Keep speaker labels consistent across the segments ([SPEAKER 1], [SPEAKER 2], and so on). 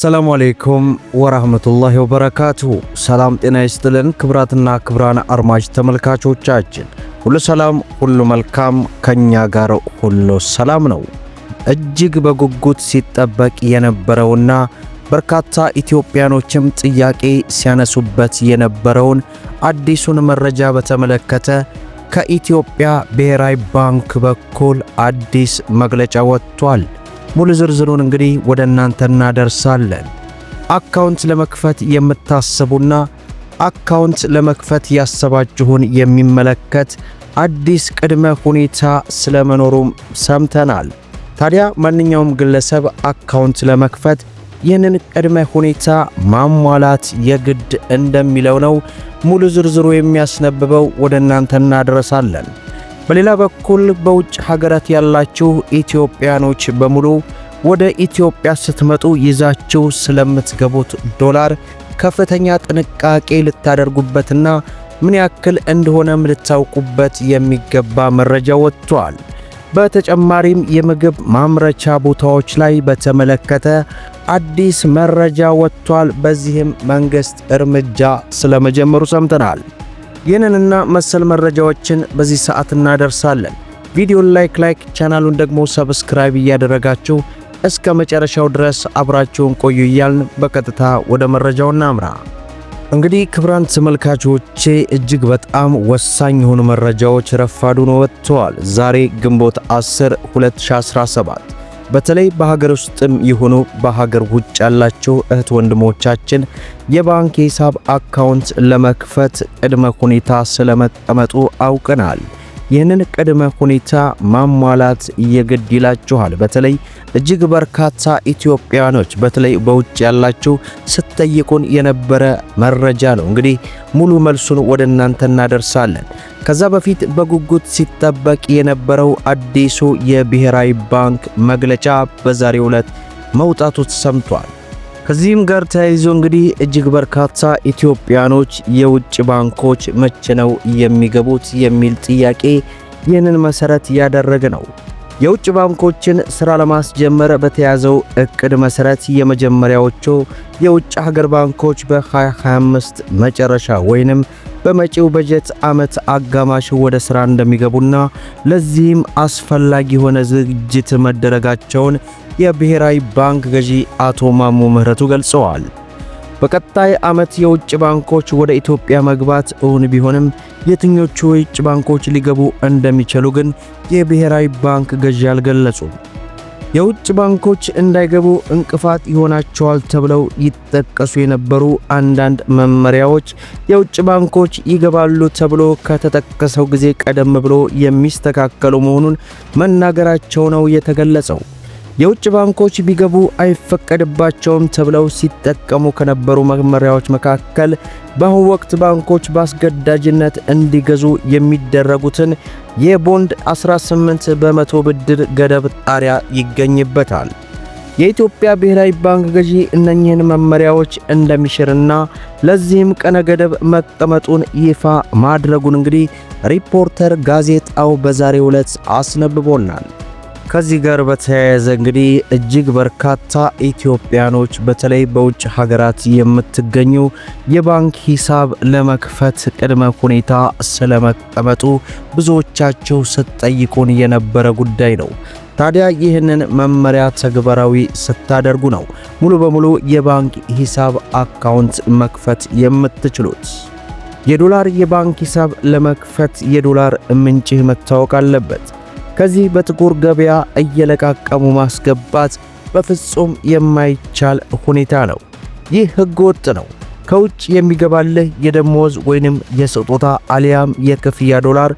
[SPEAKER 1] ሰላሙ አሌይኩም ወራህመቱላሂ ወበረካቱሁ። ሰላም ጤና ይስጥልን። ክብራትና ክብራን አድማጭ ተመልካቾቻችን ሁሉ ሰላም፣ ሁሉ መልካም፣ ከኛ ጋር ሁሉ ሰላም ነው። እጅግ በጉጉት ሲጠበቅ የነበረውና በርካታ ኢትዮጵያኖችም ጥያቄ ሲያነሱበት የነበረውን አዲሱን መረጃ በተመለከተ ከኢትዮጵያ ብሔራዊ ባንክ በኩል አዲስ መግለጫ ወጥቷል። ሙሉ ዝርዝሩን እንግዲህ ወደ እናንተ እናደርሳለን። አካውንት ለመክፈት የምታስቡና አካውንት ለመክፈት ያሰባችሁን የሚመለከት አዲስ ቅድመ ሁኔታ ስለመኖሩም ሰምተናል። ታዲያ ማንኛውም ግለሰብ አካውንት ለመክፈት ይህንን ቅድመ ሁኔታ ማሟላት የግድ እንደሚለው ነው ሙሉ ዝርዝሩ የሚያስነብበው ወደ እናንተ እናደርሳለን። በሌላ በኩል በውጭ ሀገራት ያላችሁ ኢትዮጵያኖች በሙሉ ወደ ኢትዮጵያ ስትመጡ ይዛችሁ ስለምትገቡት ዶላር ከፍተኛ ጥንቃቄ ልታደርጉበትና ምን ያክል እንደሆነም ልታውቁበት የሚገባ መረጃ ወጥቷል። በተጨማሪም የምግብ ማምረቻ ቦታዎች ላይ በተመለከተ አዲስ መረጃ ወጥቷል። በዚህም መንግስት እርምጃ ስለመጀመሩ ሰምተናል። ይህንንና መሰል መረጃዎችን በዚህ ሰዓት እናደርሳለን። ቪዲዮን ላይክ ላይክ ቻናሉን ደግሞ ሰብስክራይብ እያደረጋችሁ እስከ መጨረሻው ድረስ አብራችሁን ቆዩ እያልን በቀጥታ ወደ መረጃው እናምራ። እንግዲህ ክብራን ተመልካቾቼ እጅግ በጣም ወሳኝ የሆኑ መረጃዎች ረፋዱን ወጥተዋል። ዛሬ ግንቦት 10 2017 በተለይ በሀገር ውስጥም ይሁኑ በሀገር ውጭ ያላቸው እህት ወንድሞቻችን የባንክ ሂሳብ አካውንት ለመክፈት ቅድመ ሁኔታ ስለመጠመጡ አውቀናል። ይህንን ቅድመ ሁኔታ ማሟላት የግድ ይላችኋል። በተለይ እጅግ በርካታ ኢትዮጵያኖች በተለይ በውጭ ያላችሁ ስትጠይቁን የነበረ መረጃ ነው። እንግዲህ ሙሉ መልሱን ወደ እናንተ እናደርሳለን። ከዛ በፊት በጉጉት ሲጠበቅ የነበረው አዲሱ የብሔራዊ ባንክ መግለጫ በዛሬው ዕለት መውጣቱ ተሰምቷል። ከዚህም ጋር ተያይዞ እንግዲህ እጅግ በርካታ ኢትዮጵያኖች የውጭ ባንኮች መቼ ነው የሚገቡት የሚል ጥያቄ ይህንን መሰረት ያደረገ ነው። የውጭ ባንኮችን ሥራ ለማስጀመር በተያዘው እቅድ መሰረት የመጀመሪያዎቹ የውጭ ሀገር ባንኮች በ2025 መጨረሻ ወይንም በመጪው በጀት ዓመት አጋማሽ ወደ ሥራ እንደሚገቡና ለዚህም አስፈላጊ የሆነ ዝግጅት መደረጋቸውን የብሔራዊ ባንክ ገዢ አቶ ማሞ ምህረቱ ገልጸዋል። በቀጣይ ዓመት የውጭ ባንኮች ወደ ኢትዮጵያ መግባት እውን ቢሆንም የትኞቹ የውጭ ባንኮች ሊገቡ እንደሚችሉ ግን የብሔራዊ ባንክ ገዢ አልገለጹም። የውጭ ባንኮች እንዳይገቡ እንቅፋት ይሆናቸዋል ተብለው ይጠቀሱ የነበሩ አንዳንድ መመሪያዎች የውጭ ባንኮች ይገባሉ ተብሎ ከተጠቀሰው ጊዜ ቀደም ብሎ የሚስተካከሉ መሆኑን መናገራቸው ነው የተገለጸው። የውጭ ባንኮች ቢገቡ አይፈቀድባቸውም ተብለው ሲጠቀሙ ከነበሩ መመሪያዎች መካከል በአሁኑ ወቅት ባንኮች በአስገዳጅነት እንዲገዙ የሚደረጉትን የቦንድ 18 በመቶ ብድር ገደብ ጣሪያ ይገኝበታል። የኢትዮጵያ ብሔራዊ ባንክ ገዢ እነኚህን መመሪያዎች እንደሚሽርና ለዚህም ቀነ ገደብ መቀመጡን ይፋ ማድረጉን እንግዲህ ሪፖርተር ጋዜጣው በዛሬው ዕለት አስነብቦናል። ከዚህ ጋር በተያያዘ እንግዲህ እጅግ በርካታ ኢትዮጵያኖች በተለይ በውጭ ሀገራት የምትገኙ የባንክ ሂሳብ ለመክፈት ቅድመ ሁኔታ ስለመቀመጡ ብዙዎቻቸው ስትጠይቁን የነበረ ጉዳይ ነው። ታዲያ ይህንን መመሪያ ተግባራዊ ስታደርጉ ነው ሙሉ በሙሉ የባንክ ሂሳብ አካውንት መክፈት የምትችሉት። የዶላር የባንክ ሂሳብ ለመክፈት የዶላር ምንጭህ መታወቅ አለበት። ከዚህ በጥቁር ገበያ እየለቃቀሙ ማስገባት በፍጹም የማይቻል ሁኔታ ነው። ይህ ሕገ ወጥ ነው። ከውጭ የሚገባልህ የደሞዝ ወይንም የስጦታ አሊያም የክፍያ ዶላር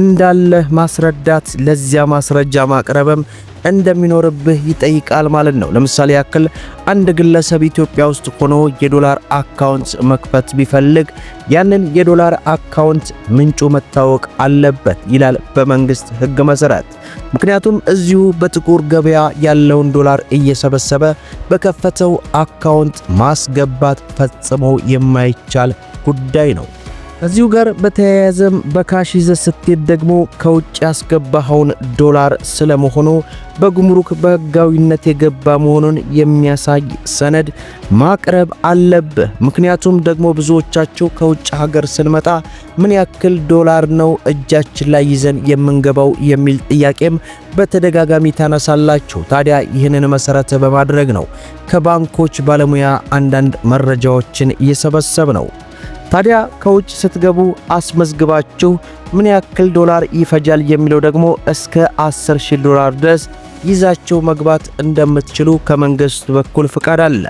[SPEAKER 1] እንዳለህ ማስረዳት፣ ለዚያ ማስረጃ ማቅረብም እንደሚኖርብህ ይጠይቃል ማለት ነው። ለምሳሌ ያክል አንድ ግለሰብ ኢትዮጵያ ውስጥ ሆኖ የዶላር አካውንት መክፈት ቢፈልግ ያንን የዶላር አካውንት ምንጩ መታወቅ አለበት ይላል በመንግስት ሕግ መሰረት። ምክንያቱም እዚሁ በጥቁር ገበያ ያለውን ዶላር እየሰበሰበ በከፈተው አካውንት ማስገባት ፈጽሞ የማይቻል ጉዳይ ነው። ከዚሁ ጋር በተያያዘም በካሽ ይዘ ስትሄድ ደግሞ ከውጭ ያስገባኸውን ዶላር ስለመሆኑ በጉምሩክ በህጋዊነት የገባ መሆኑን የሚያሳይ ሰነድ ማቅረብ አለብህ። ምክንያቱም ደግሞ ብዙዎቻቸው ከውጭ ሀገር ስንመጣ ምን ያክል ዶላር ነው እጃችን ላይ ይዘን የምንገባው የሚል ጥያቄም በተደጋጋሚ ታነሳላችሁ። ታዲያ ይህንን መሰረት በማድረግ ነው ከባንኮች ባለሙያ አንዳንድ መረጃዎችን እየሰበሰብ ነው። ታዲያ ከውጭ ስትገቡ አስመዝግባችሁ ምን ያክል ዶላር ይፈጃል የሚለው ደግሞ እስከ 10000 ዶላር ድረስ ይዛችሁ መግባት እንደምትችሉ ከመንግስት በኩል ፍቃድ አለ።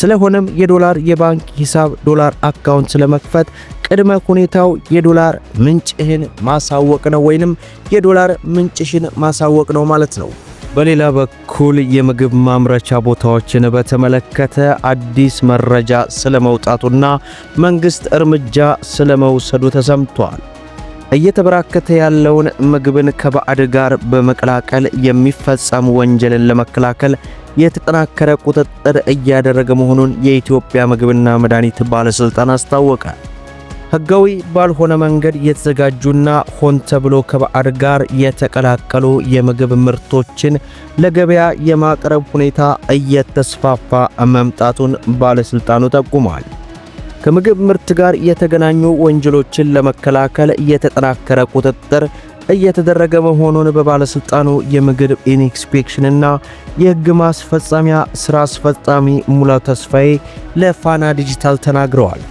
[SPEAKER 1] ስለሆነም የዶላር የባንክ ሂሳብ ዶላር አካውንት ለመክፈት ቅድመ ሁኔታው የዶላር ምንጭህን ማሳወቅ ነው ወይንም የዶላር ምንጭሽን ማሳወቅ ነው ማለት ነው። በሌላ በኩል የምግብ ማምረቻ ቦታዎችን በተመለከተ አዲስ መረጃ ስለመውጣቱና መንግሥት እርምጃ ስለመውሰዱ ተሰምቷል። እየተበራከተ ያለውን ምግብን ከባዕድ ጋር በመቀላቀል የሚፈጸም ወንጀልን ለመከላከል የተጠናከረ ቁጥጥር እያደረገ መሆኑን የኢትዮጵያ ምግብና መድኃኒት ባለሥልጣን አስታወቀ። ህጋዊ ባልሆነ መንገድ የተዘጋጁና ሆን ተብሎ ከባዕድ ጋር የተቀላቀሉ የምግብ ምርቶችን ለገበያ የማቅረብ ሁኔታ እየተስፋፋ መምጣቱን ባለሥልጣኑ ጠቁመዋል። ከምግብ ምርት ጋር የተገናኙ ወንጀሎችን ለመከላከል የተጠናከረ ቁጥጥር እየተደረገ መሆኑን በባለሥልጣኑ የምግብ ኢንስፔክሽንና የሕግ ማስፈጻሚያ ሥራ አስፈጻሚ ሙላው ተስፋዬ ለፋና ዲጂታል ተናግረዋል።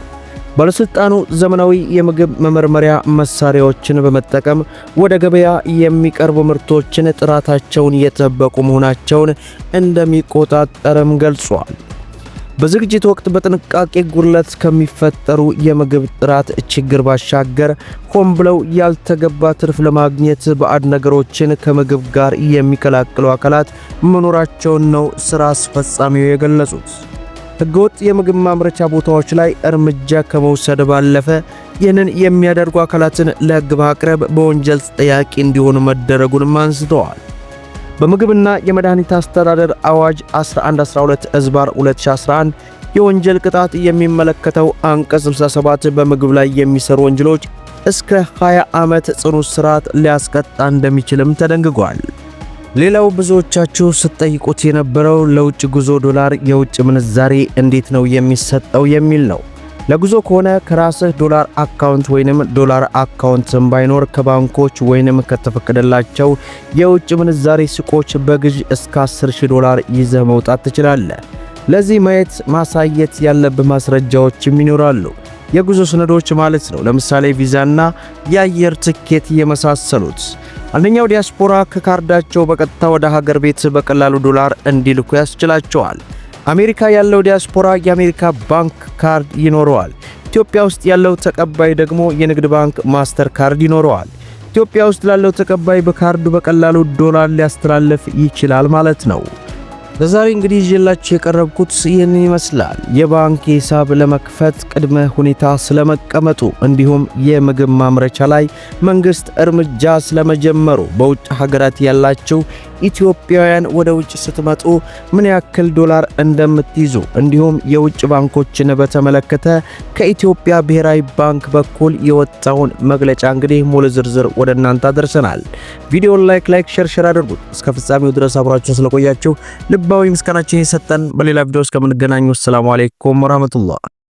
[SPEAKER 1] ባለስልጣኑ ዘመናዊ የምግብ መመርመሪያ መሳሪያዎችን በመጠቀም ወደ ገበያ የሚቀርቡ ምርቶችን ጥራታቸውን የጠበቁ መሆናቸውን እንደሚቆጣጠርም ገልጿል። በዝግጅት ወቅት በጥንቃቄ ጉድለት ከሚፈጠሩ የምግብ ጥራት ችግር ባሻገር ሆን ብለው ያልተገባ ትርፍ ለማግኘት ባዕድ ነገሮችን ከምግብ ጋር የሚቀላቅሉ አካላት መኖራቸውን ነው ስራ አስፈጻሚው የገለጹት። ህገወጥ የምግብ ማምረቻ ቦታዎች ላይ እርምጃ ከመውሰድ ባለፈ ይህንን የሚያደርጉ አካላትን ለህግ ማቅረብ በወንጀል ተጠያቂ እንዲሆኑ መደረጉንም አንስተዋል። በምግብና የመድኃኒት አስተዳደር አዋጅ 1112 እዝባር 2011 የወንጀል ቅጣት የሚመለከተው አንቀጽ 67 በምግብ ላይ የሚሰሩ ወንጀሎች እስከ 20 ዓመት ጽኑ እስራት ሊያስቀጣ እንደሚችልም ተደንግጓል። ሌላው ብዙዎቻችሁ ስትጠይቁት የነበረው ለውጭ ጉዞ ዶላር የውጭ ምንዛሬ እንዴት ነው የሚሰጠው የሚል ነው። ለጉዞ ከሆነ ከራስህ ዶላር አካውንት ወይንም ዶላር አካውንትም ባይኖር ከባንኮች ወይንም ከተፈቀደላቸው የውጭ ምንዛሬ ሱቆች በግዥ እስከ 10000 ዶላር ይዘህ መውጣት ትችላለህ። ለዚህ ማየት ማሳየት ያለብህ ማስረጃዎችም ይኖራሉ። የጉዞ ሰነዶች ማለት ነው። ለምሳሌ ቪዛና የአየር ትኬት የመሳሰሉት አንደኛው ዲያስፖራ ከካርዳቸው በቀጥታ ወደ ሀገር ቤት በቀላሉ ዶላር እንዲልኩ ያስችላቸዋል። አሜሪካ ያለው ዲያስፖራ የአሜሪካ ባንክ ካርድ ይኖረዋል። ኢትዮጵያ ውስጥ ያለው ተቀባይ ደግሞ የንግድ ባንክ ማስተር ካርድ ይኖረዋል። ኢትዮጵያ ውስጥ ላለው ተቀባይ በካርዱ በቀላሉ ዶላር ሊያስተላልፍ ይችላል ማለት ነው። ለዛሬ እንግዲህ ይዤላችሁ የቀረብኩት ይህን ይመስላል። የባንክ ሂሳብ ለመክፈት ቅድመ ሁኔታ ስለመቀመጡ እንዲሁም የምግብ ማምረቻ ላይ መንግስት እርምጃ ስለመጀመሩ በውጭ ሀገራት ያላችሁ ኢትዮጵያውያን ወደ ውጭ ስትመጡ ምን ያክል ዶላር እንደምትይዙ እንዲሁም የውጭ ባንኮችን በተመለከተ ከኢትዮጵያ ብሔራዊ ባንክ በኩል የወጣውን መግለጫ እንግዲህ ሙሉ ዝርዝር ወደ እናንተ አደርሰናል። ቪዲዮን ላይክ ላይክ ሼር ሼር አድርጉት። እስከ ፍጻሜው ድረስ አብራችሁን ስለቆያችሁ ልባዊ ምስጋናችን የሰጠን። በሌላ ቪዲዮ እስከምንገናኙ ሰላም አለይኩም ወራህመቱላህ።